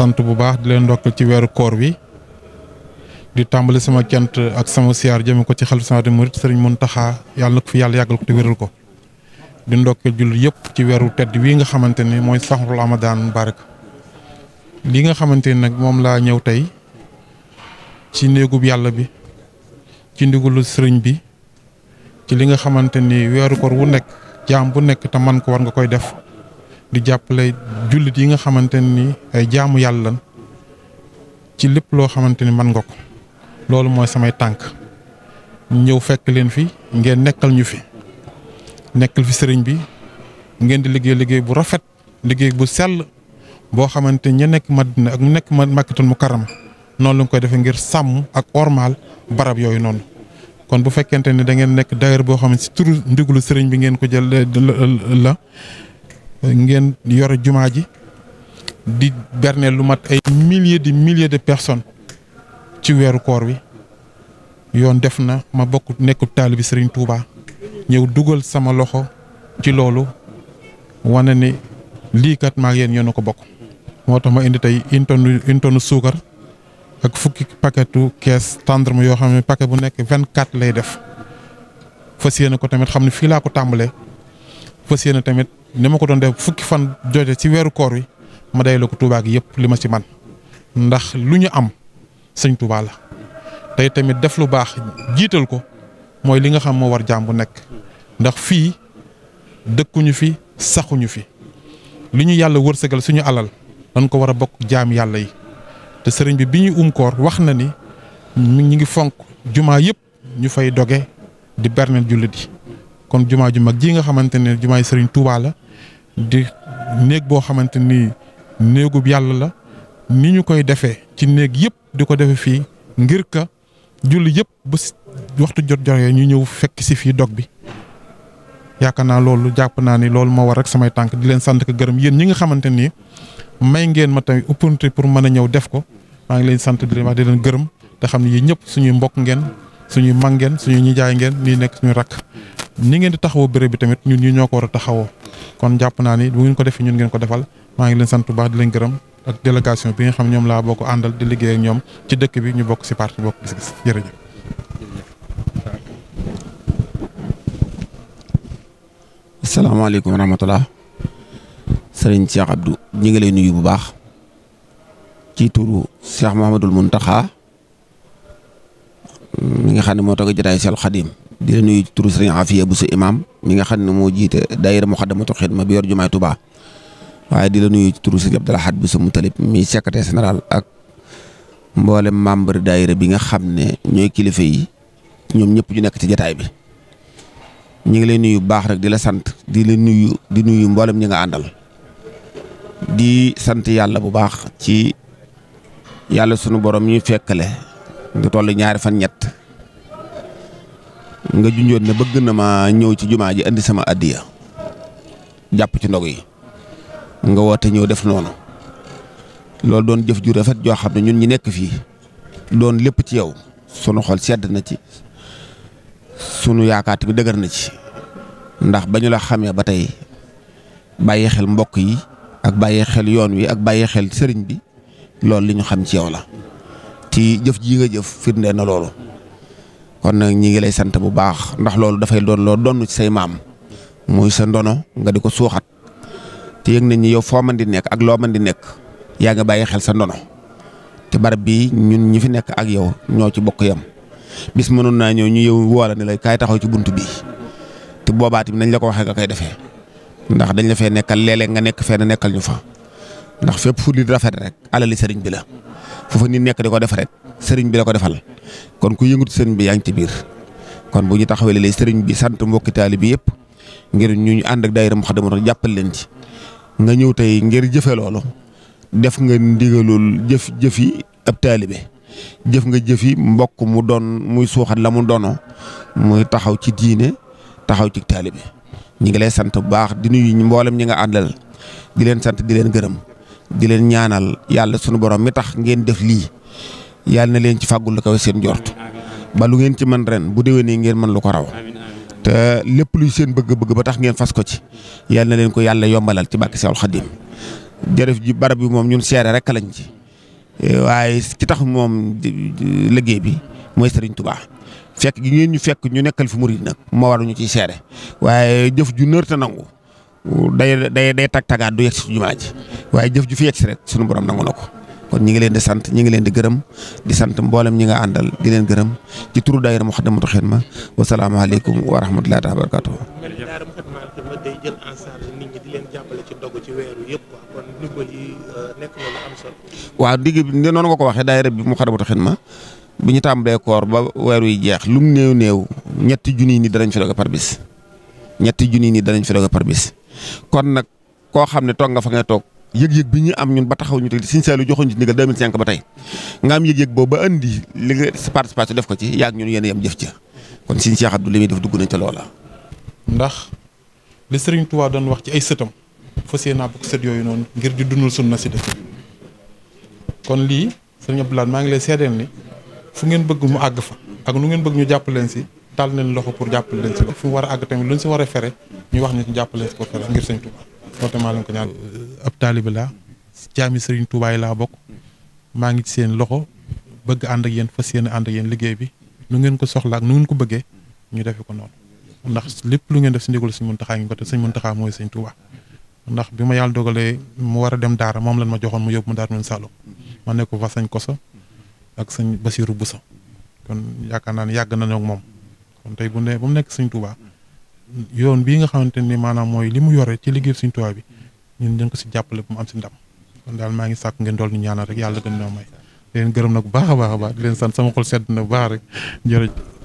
sant bu baax di leen ndokkal ci weeru koor wi di tàmbali sama cant ak sama siyaar jëme ko ci xel général des mourides sëriñ Mountakha yàlla na fi yàlla yàggal ko te wéral ko di ndokkal jullit yëpp ci weeru tedd wii nga xamante ni mooy saxrul Ramadan mubarak li nga xamante ni nag moom laa ñëw tey ci néegu yàlla bi ci ndigalu sëriñ bi ci li nga xamante ni weeru koor wu nekk jaam bu nekk te man ko war nga koy def di jàppale jullit yi nga xamante ni ay jaamu yàlla ci lépp loo xamante ni mën nga ko loolu mooy samay tànk ñëw fekk leen fi ngeen nekkal ñu fi nekkal fi sëriñ bi ngeen di liggéey liggéey bu rafet liggéey bu sell boo xamante ña nekk Madina ak nekk Makkatul Mukarrama noonu la koy defee ngir sàmm ak ormal barab yooyu noonu kon bu fekkente ni da ngeen nekk daayira boo xam ne si turu ndiglu sëriñ bi ngeen ko jël la. ngeen yore jumaa ji di berne lu mat ay milliers de milliers de personnes ci weeru koor wi yoon def na ma bokk nekk taalibi Serigne Touba ñëw dugal sama loxo ci loolu wane ni lii kat maag yéen ñoo ko bokk. moo tax ma indi tey une tonne suukar ak fukki paketu kees tendre yoo xam ne paquet bu nekk vingt quatre lay def fas yéene ko tamit xam ne fii laa ko tàmbalee fas yéene tamit. ni ma ko doon def fukki fan jooje ci weeru koor wi ma day la ko Touba gi yëpp li ma ci man ndax lu ñu am sëñ Touba la tey tamit def lu baax jiital ko mooy li nga xam moo war jaam bu nekk ndax fii dëkkuñu fi saxuñu fi li ñu yàlla wërsëgal suñu alal dañ ko war a bokk jaam yàlla yi te sëriñ bi bi ñuy um koor wax na ni ñu ngi fonk jumaa yëpp ñu fay doge di berneel jullit yi kon jumaa ju mag ji nga xamante ne jumaay Serigne Touba la di néeg boo xamante ni néegu yàlla la ni ñu koy defee ci néeg yëpp di ko defee fii ngir ka julli yëpp bu waxtu jot joxe ñu ñëw fekk si fii dog bi. yaakaar naa loolu jàpp naa ni loolu moo war rek samay tànk di leen sant ko gërëm yéen ñi nga xamante ni may ngeen ma tamit opportunité pour mën a ñëw def ko maa ngi leen sant di leen wax di leen gërëm te xam ne yii ñëpp suñuy mbokk ngeen. suñuy mag ngeen suñuy nijaay ngeen ñuy nekk suñu rakk ni ngeen di taxawoo béréb bi tamit ñun ñu ñoo ko war a taxawoo kon jàpp naa ni bu ngeen ko defee ñun ngeen ko defal maa ngi leen sant bu baax di leen gërëm ak délégation bi nga xam ñoom laa boo ko àndal di liggéey ñoom ci dëkk bi ñu bokk si parti bokk gis-gis jërëjëf. asalaamaaleykum wa rahmatulah Serigne ñu ngi lay nuyu bu baax ci turu Cheikh Mouhamadul Mountakha. mi nga xam ne moo toog jotaay sel xadim di la nuyu turu sëriñ Afiya bu sa imam mi nga xam ne moo jiite daayira Muxaddamatul Xidma bi yor jumaay Tuubaa waaye di la nuyu turu sëriñ Abdul Ahad bu sa Mutalib mi secrétaire général ak mboolem membre daayira bi nga xam ne ñooy kilifa yi ñoom ñëpp ñu nekk ci jotaay bi ñu ngi lay nuyu baax rek di la sant di la nuyu di nuyu mboolem ñu nga àndal di sant yàlla bu baax ci yàlla sunu borom ñu fekkale lu toll ñaari fan ñett nga junjoon ne bëgg na ma ñëw ci jumaa ji indi sama addiya jàpp ci ndog yi nga woote ñëw def noonu loolu doon jëf ju rafet joo xam ne ñun ñi nekk fii doon lépp ci yow sunu xol sedd na ci sunu yaakaar bi dëgër na ci ndax ba ñu la xamee ba tey bàyyi xel mbokk yi ak bàyyi xel yoon wi ak bàyyi xel sëriñ bi loolu li ñu xam ci yow la ci jëf ji nga jëf firndee na loolu kon nag ñi ngi lay sant bu baax ndax loolu dafay doon loo donn ci say maam muy sa ndono nga di ko suuxat te yëg nañ ñi yow foo man di nekk ak loo man di nekk yaa nga bàyyi xel sa ndono te barab bii ñun ñi fi nekk ak yow ñoo ci bokk yam bis mënoon naa ñëw ñu yow woola ne lay kaay ci bunt bi te boobaati bi nañ la ko waxee nga koy defee ndax dañ la fee nekkal léeg nga nekk fenn nekkal ñu fa ndax fépp fu li rafet rek alali sëriñ bi la foofu nit nekk di ko def rek sëriñ bi la ko defal kon ku yëngut sëriñ bi yaa ngi ci biir kon bu ñu taxawalee lay sëriñ bi sant mbokki taalibe bi yëpp ngir ñu ànd ak daayira Moukhaddamatoul jàppal leen ci nga ñëw tey ngir jëfe loolu def nga ndigalul jëf jëf yi ab taalibe jëf nga jëfi mbokk mu doon muy suuxat la mu doonoo muy taxaw ci diine taxaw ci taalibe ñi ngi lay sant bu baax di nuyu mboolem ñi nga àndal di leen sant di leen gërëm. di leen ñaanal yàlla sunu borom mi tax ngeen def lii yàlla na leen ci fàggul lu kawe seen jort ba ngeen ci mën ren bu nii ngeen mën lu ko raw te lépp luy seen bëgg-bëgg ba tax ngeen fas ko ci yàlla na leen ko yàlla yombalal ci bàkki Seexul Xadiim jërëjëf ji barab bi moom ñun seere rek lañ ci waaye ki tax moom liggéey bi mooy Serigne tubaa fekk gi ngeen ñu fekk ñu nekkal fi murid nag moo ñu ciy seere waaye jëf ju nër te nangu. day day day tag tagaat du yegg si jumaa ji waaye jëf ju fi yegg si rek sunu borom nangu na ko kon ñi ngi leen di sant ñi ngi leen di gërëm di sant mboolem ñi nga àndal di leen gërëm ci turu daayira Moukhaddamatoul Khidma wa salaamu aleykum wa rahmatullaahi taala wa barakaatuh. day jël en charge nit ñi di leen jàppale ci dogu ci weeru yëpp quoi kon ndimbal yi nekk na lu am bi noonu nga ko waxee daayira bi ñu tàmbalee koor ba weer wi jeex lum néew néew ñetti junniy nit danañ fi doge par bis. ñetti junni nii danañ fi doge par bis kon nag koo xam ne toog nga fa ngay toog yëg-yëg bi ñu am ñun ba taxaw ñu siñ te Sëñ Saliou joxuñ ci ndigal 2005 ba tey nga am yëg-yëg boobu ba indi li nga participation def ko ci yaag ñun yéen yam jëf ca kon Sëñ Cheikh Abdou li muy def dugg nañ ca loola. ndax li Serigne Touba doon wax ci ay sëtam fas yéenaa bokk sët yooyu noonu ngir di dundal sunna si dëkk kon lii Serigne Abdoulaye maa ngi lay seedeel ni fu ngeen bëgg mu àgg fa ak nu ngeen bëgg ñu jàpp leen si tal leen loxo pour jàppale leen si ko fu a àgg tamit lu ñu si war a fere ñu wax ñu si ko fere ngir sëñ Touba loolu tamit maa leen ko euh, bokk maa ngi ci seen loxo bëgg ànd ak yéen fas ànd ak liggéey bi nu ngeen ko soxla ak nu ngeen ko bëggee ñu defe ko noonu ndax lépp lu ngeen def si ndigal mun Muntaxaa ngi ko te sëñ Muntaxaa mooy sëñ Touba ndax bi ma yàlla dogalee mu war a dem daara moom lan ma joxoon mu yóbbu mu daara men Saloum ma ne ko fa sëñ Koso ak sëñ Basiru Buso kon yaakaar naa yàgg na ak moom kon tey bu ne ba mu nekk Sëñ Tuubaa yoon bii nga xamante ni maanaam mooy li mu yore ci liggéey Sëñ Tuubaa bi ñun dañ ko si jàppale bu mu am si ndam kon daal maa ngi sàkk ngeen dool ñu ñaanal rek yàlla gën ñoo may di leen gërëm nag bu baax baax a baax di leen san sama xol sedd na baax rek jërëjëf